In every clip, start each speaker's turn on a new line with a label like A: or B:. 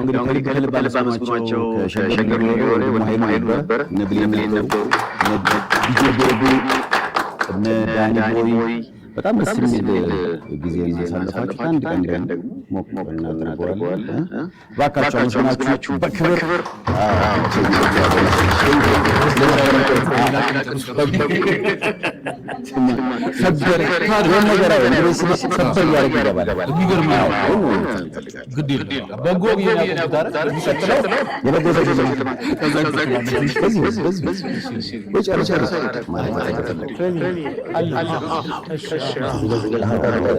A: እንግዲህ ከልብ ሆነ ነበሩ ዳኒ ቦይ በጣም ደስ የሚል ጊዜ ማሳለፋችሁ አንድ ቀን ደግሞ ሞቅ እናደርገዋለን። እባካችሁ አመስግናችሁ በክብር ነገር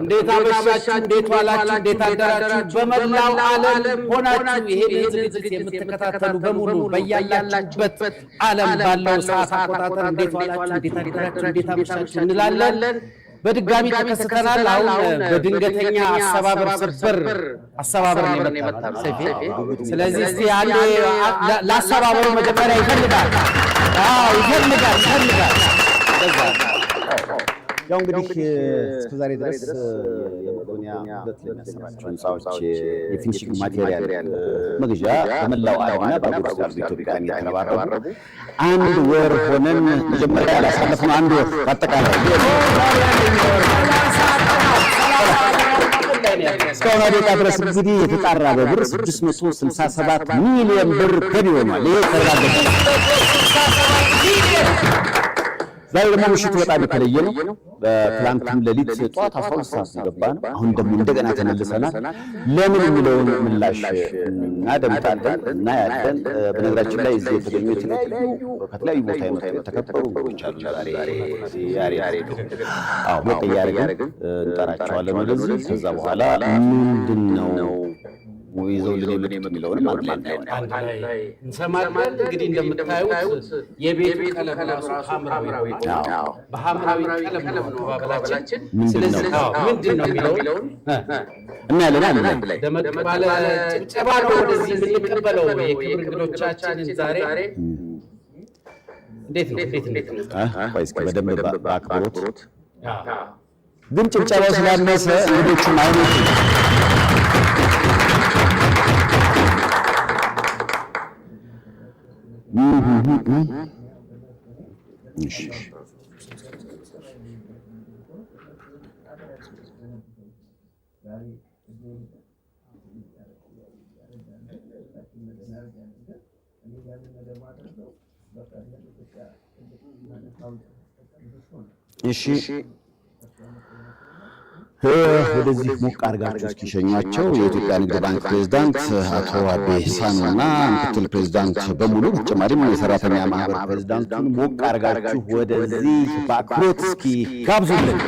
A: እንዴት አመሻችሁ፣ እንዴት ዋላችሁ፣ እንዴት አደራችሁ። በመላው ዓለም ሆናችሁ ይሄንን ዝግጅት የምትከታተሉ በሙሉ በያላችሁበት ዓለም ባለው ሰዓት አቆጣጠር እንዴት ዋላችሁ፣ እንዴት አደራችሁ፣ እንዴት አመሻችሁ እንላለን። በድጋሚ ተከስተናል። አሁን በድንገተኛ አሰባበር ስብር አሰባበር ነው ስለዚህ ለአሰባበሩ መጀመሪያ ይፈልጋል። አዎ ይፈልጋል፣ ይፈልጋል ይፈልጋል ይፈልጋል ያው እንግዲህ እስከዛሬ ድረስ የመቄዶንያ ሁለት ለሚያሰራቸው ህንፃዎች የፊኒሽንግ ማቴሪያል መግዣ በመላው ዓለምና በአገር ውስጥ ያሉ ኢትዮጵያን እየተረባረቡ አንድ ወር ሆነን መጀመሪያ ያላሳለፍነው አንድ ወር በአጠቃላይ እስካሁን አደቃ ድረስ እንግዲህ የተጣራ በብር 667 ሚሊዮን ብር ገቢ ሆኗል። ይሄ ተረጋገጠ። ዛሬ ደግሞ ምሽቱ በጣም የተለየ ነው። በትላንትም ሌሊት ጠዋት አስራ ሁለት ሰዓት ገባ ነው። አሁን ደግሞ እንደገና ተመልሰናል። ለምን የሚለውን ምላሽ እናደምጣለን እና ያለን በነገራችን ላይ እዚህ የተገኙ የተለያዩ ከተለያዩ ቦታ የመጡ የተከበሩ እንግዶች አሉ። ዛሬ ሞቅ እያደረግን እንጠራቸዋለን ወደዚህ። ከዛ በኋላ ምንድን ነው ይዘው ይዘውልን የሚለውን ኖርማል ነው እንሰማለን። እንግዲህ እንደምታዩት የቤቱ ቀለም ራሱ ሐምራዊ በሐምራዊ ቀለም ነው አቀባበላችን። ስለዚህ ምንድን ነው የሚለውን እናያለን። አንድ ላይ ደመቅ ባለ ጭብጨባ ነው ወደዚህ የምንቀበለው የክብር እንግዶቻችንን ዛሬ እንዴት በደንብ በአክብሮት ግን ጭብጨባው ስላነሰ እንግዶቹም አይነት እሺ ወደዚህ ሞቅ አድርጋችሁ እስኪሸኟቸው የኢትዮጵያ ንግድ ባንክ ፕሬዚዳንት አቶ አቤ ሳኖና ምክትል ፕሬዚዳንት በሙሉ በተጨማሪም የሰራተኛ ማህበር ፕሬዚዳንቱን ሞቅ አድርጋችሁ ወደዚህ በአክብሮት እስኪ ጋብዙልን።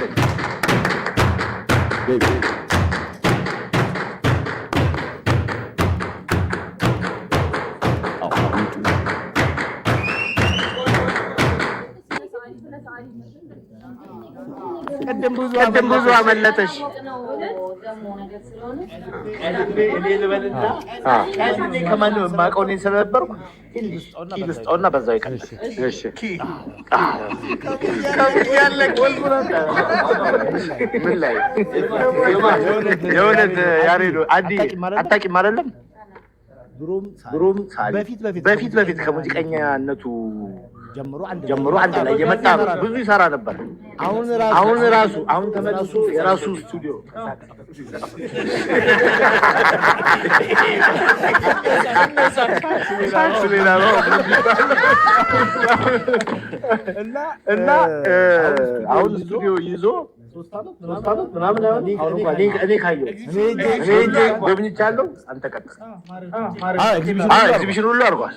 A: ቅድም ብዙ አመለጠሽ። እኔ ልበልና ከማንም የማውቀው እኔ ስለነበርኩ ልስጠውና በዛው ይቀር። የእውነት ያሬዶ አታውቂም አይደለም? በፊት በፊት ከሙዚቀኛነቱ ጀምሮ አንድ ላይ የመጣ ብዙ ይሰራ ነበር። አሁን ራሱ አሁን ተመልሶ የራሱ ስቱዲዮ እና አሁን ስቱዲዮ ይዞ እኔ ካየሁት እኔ ጎብኝቻለሁ። አንተ ኤግዚቢሽን ሁሉ አድርጓል።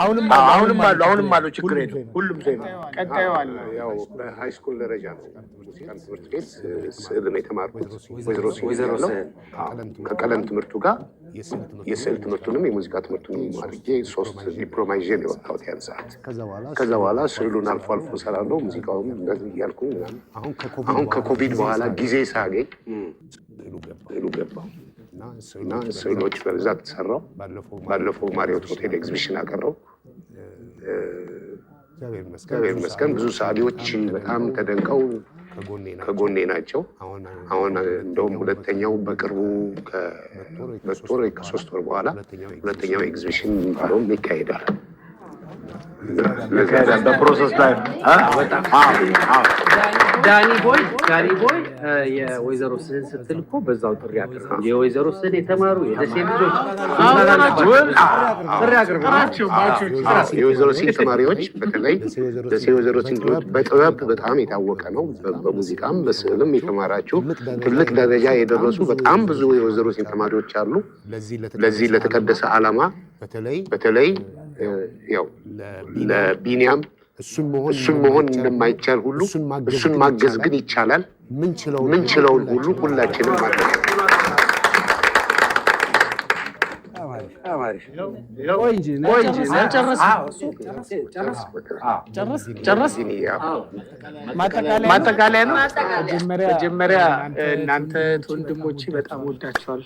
A: አሁንም አሁንም አሉ አሁንም አሉ። ችግር የለም ሁሉም ሰው ቀጣዩ አለ። ያው በሃይ ስኩል ደረጃ ነው ሙዚቃን ትምህርት ቤት ስዕል ነው የተማርኩት። ወይዘሮ ወይዘሮ ከቀለም ትምህርቱ ጋር የስዕል ትምህርቱንም የሙዚቃ ትምህርቱንም አድርጌ ሶስት ዲፕሎማ ይዤ ነው የወጣሁት ያን ሰዓት። ከዛ በኋላ ስዕሉን አልፎ አልፎ እሰራለሁ፣ ሙዚቃውም እንደዚህ እያልኩ አሁን ከኮቪድ በኋላ ጊዜ ሳገኝ ስዕሉ ገባሁ። እና ስዕሎች በብዛት ሰራው። ባለፈው ማሪዎት ሆቴል ኤግዚቢሽን አቀረው። እግዚአብሔር ይመስገን ብዙ ሰዓሊዎች በጣም ተደንቀው ከጎኔ ናቸው። አሁን እንደውም ሁለተኛው በቅርቡ ከሶስት ወር በኋላ ሁለተኛው ኤግዚቢሽን ባለውም ይካሄዳል። በፕሮሰስ ላይ ዳኒ ቦይ ዳኒ ቦይ የወይዘሮ ስህን ስትል እኮ በዛው ጥሪ አቅርበው የወይዘሮ ስህን የተማሩ የደሴ ልጆች ጥሪ አቅርበው የወይዘሮ ስህን ተማሪዎች በተለይ ደሴ ወይዘሮ ስህን በጥበብ በጣም የታወቀ ነው። በሙዚቃም በስዕልም የተማራችሁ ትልቅ ደረጃ የደረሱ በጣም ብዙ የወይዘሮ ስህን ተማሪዎች አሉ። ለዚህ ለተቀደሰ ዓላማ በተለይ ያው ለቢኒያም እሱን መሆን እንደማይቻል ሁሉ እሱን ማገዝ ግን ይቻላል። ምንችለውን ሁሉ ሁላችንም ማለት ነው። አሪፍ ማጠቃለያ ነው። መጀመሪያ እናንተ በጣም ወዳቸዋል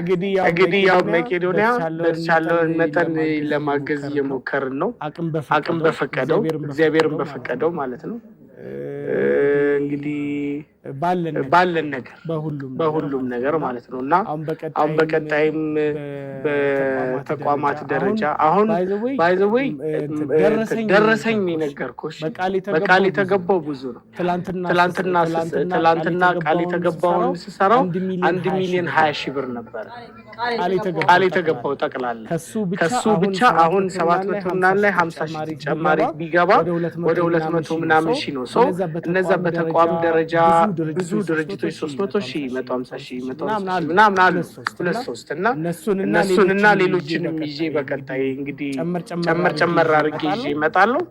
A: እንግዲህ ያው በተቻለን መጠን ለማገዝ እየሞከርን ነው፣ አቅም በፈቀደው እግዚአብሔርን በፈቀደው ማለት ነው። እንግዲህ ባለን ነገር በሁሉም ነገር ማለት ነው እና አሁን በቀጣይም በተቋማት ደረጃ አሁን ባይዘወይ ደረሰኝ የነገርኩሽ በቃል የተገባው ብዙ ነው። ትላንትና ቃል የተገባውን ስሰራው አንድ ሚሊዮን ሀያ ሺህ ብር ነበረ ቃል የተገባው ጠቅላላ ከሱ ብቻ አሁን ሰባት መቶ ምናምን ላይ ሀምሳ ሺህ ተጨማሪ ቢገባ ወደ ሁለት መቶ ምናምን ሺህ ነው ሰው እነዛ በተቋም ደረጃ ብዙ ድርጅቶች ሶስት መቶ ሺህ መቶ ሀምሳ ሺህ መቶ ምናምን አሉ ሁለት ሶስት እና እነሱን እና ሌሎችንም ይዤ በቀጣይ እንግዲህ ጨመር ጨመር አድርጌ ይዤ እመጣለሁ።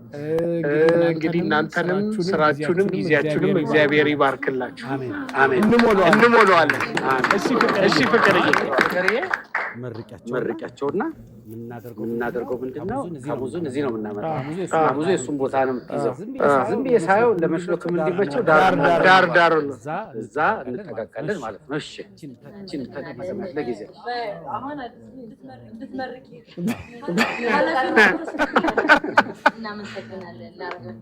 A: እንግዲህ እናንተንም ስራችሁንም ጊዜያችሁንም እግዚአብሔር ይባርክላችሁ። እንሞላዋለን። እሺ ፍቅርዬ መርቂያቸውና የምናደርገው ምንድን ነው? ሙዙን እዚህ ነው የምናመጣው። ሙዙ የእሱን ቦታ ነው የምትይዘው። ዝም ብዬ ሳየው ለመሽሎክም እንዲመቸው ዳር ዳሩ እዛ እንጠቃቃለን ማለት ነው። እሺ ለጊዜው እናመሰግናለን።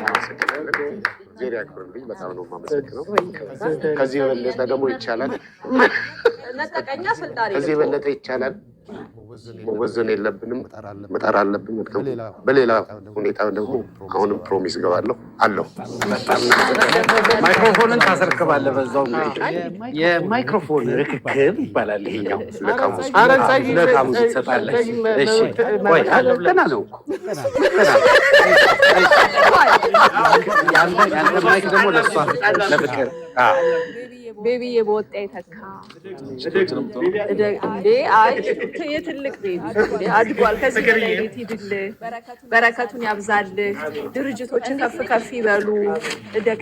A: እናመሰግናለን። ያክብርልኝ። በጣም ነው የማመሰግነው። ከዚህ የበለጠ ደግሞ ይቻላል። ከዚህ የበለጠ ይቻላል። መወዘን የለብንም። መጣር አለብን። በሌላ ሁኔታ ደግሞ አሁንም ፕሮሚስ ገባለሁ አለው። ማይክሮፎንን ታስረክባለህ። በዛው የማይክሮፎን ርክክብ ይባላል። ይሄኛው ለቃሙ ትሰጣለህ። ገና ነው። ቤቢዬ በወጣ የተካ እንዴ! አይ የትልቅ ቤቢ አድጓል። ከዚህ በረከቱን ያብዛልህ፣ ድርጅቶችን ከፍ ከፍ ይበሉ። እደግ